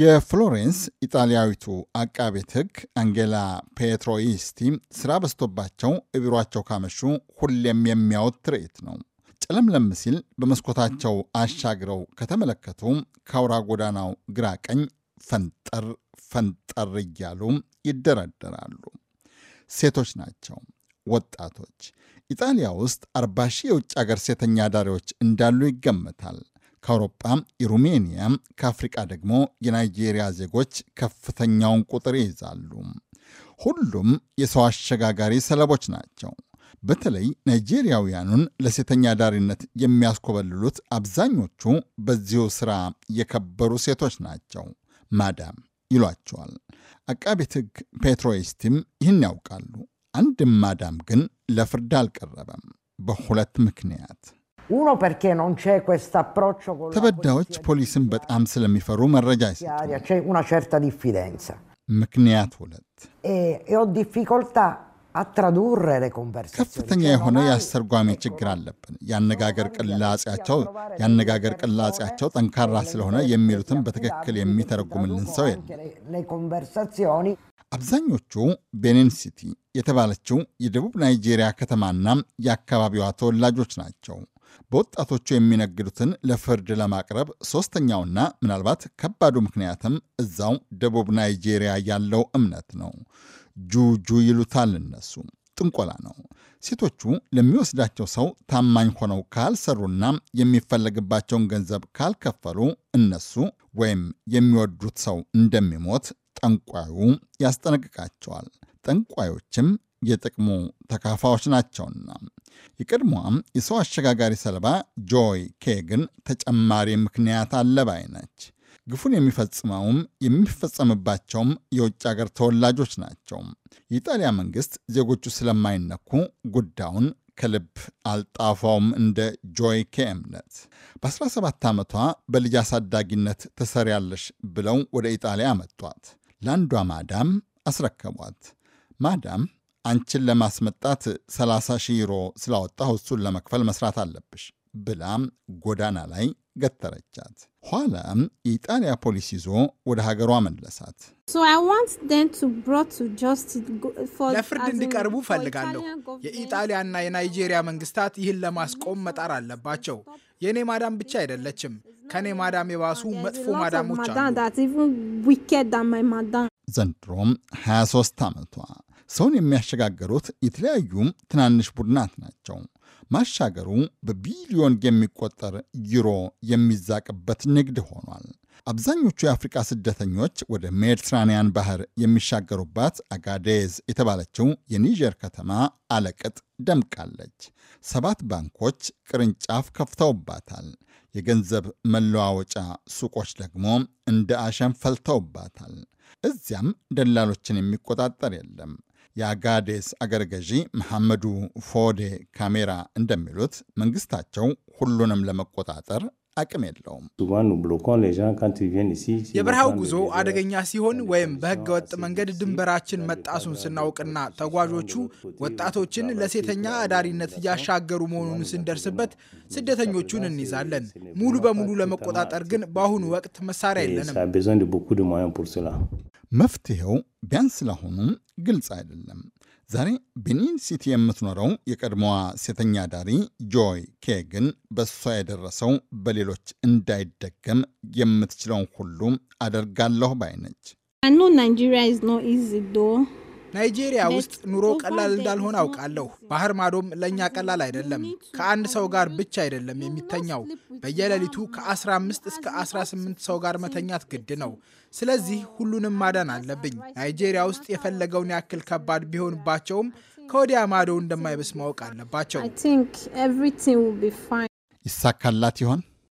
የፍሎሬንስ ኢጣሊያዊቱ አቃቤት ሕግ አንጌላ ፔትሮይስቲ ስራ በዝቶባቸው እቢሯቸው ካመሹ ሁሌም የሚያወት ትርኢት ነው። ጨለምለም ሲል በመስኮታቸው አሻግረው ከተመለከቱ ከአውራ ጎዳናው ግራ ቀኝ ፈንጠር ፈንጠር እያሉ ይደረደራሉ። ሴቶች ናቸው፣ ወጣቶች። ኢጣሊያ ውስጥ አርባ ሺህ የውጭ አገር ሴተኛ ዳሪዎች እንዳሉ ይገመታል። ከአውሮጳ የሩሜኒያ፣ ከአፍሪቃ ደግሞ የናይጄሪያ ዜጎች ከፍተኛውን ቁጥር ይይዛሉ። ሁሉም የሰው አሸጋጋሪ ሰለቦች ናቸው። በተለይ ናይጄሪያውያኑን ለሴተኛ ዳሪነት የሚያስኮበልሉት አብዛኞቹ በዚሁ ሥራ የከበሩ ሴቶች ናቸው። ማዳም ይሏቸዋል። አቃቤት ሕግ ፔትሮስቲም ይህን ያውቃሉ። አንድም ማዳም ግን ለፍርድ አልቀረበም በሁለት ምክንያት ተበዳዮች ፖሊስን በጣም ስለሚፈሩ መረጃ ይሰጡናል። ምክንያት ሁለት ከፍተኛ የሆነ የአስተርጓሚ ችግር አለብን። የአነጋገር ቅላጼያቸው የአነጋገር ቅላጼያቸው ጠንካራ ስለሆነ የሚሉትን በትክክል የሚተረጉምልን ሰው የለም። አብዛኞቹ ቤኒን ሲቲ የተባለችው የደቡብ ናይጄሪያ ከተማና የአካባቢዋ ተወላጆች ናቸው። በወጣቶቹ የሚነግዱትን ለፍርድ ለማቅረብ ሶስተኛውና ምናልባት ከባዱ ምክንያትም እዛው ደቡብ ናይጄሪያ ያለው እምነት ነው። ጁጁ ይሉታል እነሱ። ጥንቆላ ነው። ሴቶቹ ለሚወስዳቸው ሰው ታማኝ ሆነው ካልሰሩና የሚፈለግባቸውን ገንዘብ ካልከፈሉ እነሱ ወይም የሚወዱት ሰው እንደሚሞት ጠንቋዩ ያስጠነቅቃቸዋል። ጠንቋዮችም የጥቅሙ ተካፋዎች ናቸውና። የቀድሞዋም የሰው አሸጋጋሪ ሰለባ ጆይ ኬ ግን ተጨማሪ ምክንያት አለባይ ነች። ግፉን የሚፈጽመውም የሚፈጸምባቸውም የውጭ አገር ተወላጆች ናቸው። የኢጣሊያ መንግስት ዜጎቹ ስለማይነኩ ጉዳዩን ከልብ አልጣፋውም። እንደ ጆይ ኬ እምነት በ17 ዓመቷ በልጅ አሳዳጊነት ትሰሪያለሽ ብለው ወደ ኢጣሊያ አመጧት። ለአንዷ ማዳም አስረከቧት። ማዳም አንቺን ለማስመጣት 30 ሺህ ዩሮ ስላወጣሁ እሱን ለመክፈል መስራት አለብሽ ብላም ጎዳና ላይ ገተረቻት። ኋላም የኢጣሊያ ፖሊስ ይዞ ወደ ሀገሯ መለሳት። ለፍርድ እንዲቀርቡ ፈልጋለሁ። የኢጣሊያና የናይጄሪያ መንግስታት ይህን ለማስቆም መጣር አለባቸው። የእኔ ማዳም ብቻ አይደለችም፣ ከእኔ ማዳም የባሱ መጥፎ ማዳሞች አሉ። ዘንድሮም 23 ዓመቷ ሰውን የሚያሸጋገሩት የተለያዩ ትናንሽ ቡድናት ናቸው። ማሻገሩ በቢሊዮን የሚቆጠር ዩሮ የሚዛቅበት ንግድ ሆኗል። አብዛኞቹ የአፍሪቃ ስደተኞች ወደ ሜዲትራንያን ባህር የሚሻገሩባት አጋዴዝ የተባለችው የኒጀር ከተማ አለቅጥ ደምቃለች። ሰባት ባንኮች ቅርንጫፍ ከፍተውባታል። የገንዘብ መለዋወጫ ሱቆች ደግሞ እንደ አሸን ፈልተውባታል። እዚያም ደላሎችን የሚቆጣጠር የለም። የአጋዴስ አገር ገዢ መሐመዱ ፎዴ ካሜራ እንደሚሉት መንግስታቸው ሁሉንም ለመቆጣጠር አቅም የለውም። የበረሃው ጉዞ አደገኛ ሲሆን ወይም በህገወጥ መንገድ ድንበራችን መጣሱን ስናውቅና ተጓዦቹ ወጣቶችን ለሴተኛ አዳሪነት እያሻገሩ መሆኑን ስንደርስበት ስደተኞቹን እንይዛለን። ሙሉ በሙሉ ለመቆጣጠር ግን በአሁኑ ወቅት መሳሪያ የለንም። መፍትሄው ቢያንስ ለአሁኑም ግልጽ አይደለም። ዛሬ ቤኒን ሲቲ የምትኖረው የቀድሞዋ ሴተኛ ዳሪ ጆይ ኬ ግን በእሷ የደረሰው በሌሎች እንዳይደገም የምትችለውን ሁሉ አደርጋለሁ ባይ ነች። ናይጄሪያ ውስጥ ኑሮ ቀላል እንዳልሆነ አውቃለሁ። ባህር ማዶም ለእኛ ቀላል አይደለም። ከአንድ ሰው ጋር ብቻ አይደለም የሚተኛው። በየሌሊቱ ከ15 እስከ 18 ሰው ጋር መተኛት ግድ ነው። ስለዚህ ሁሉንም ማዳን አለብኝ። ናይጄሪያ ውስጥ የፈለገውን ያክል ከባድ ቢሆንባቸውም ከወዲያ ማዶ እንደማይበስ ማወቅ አለባቸው። ይሳካላት ይሆን?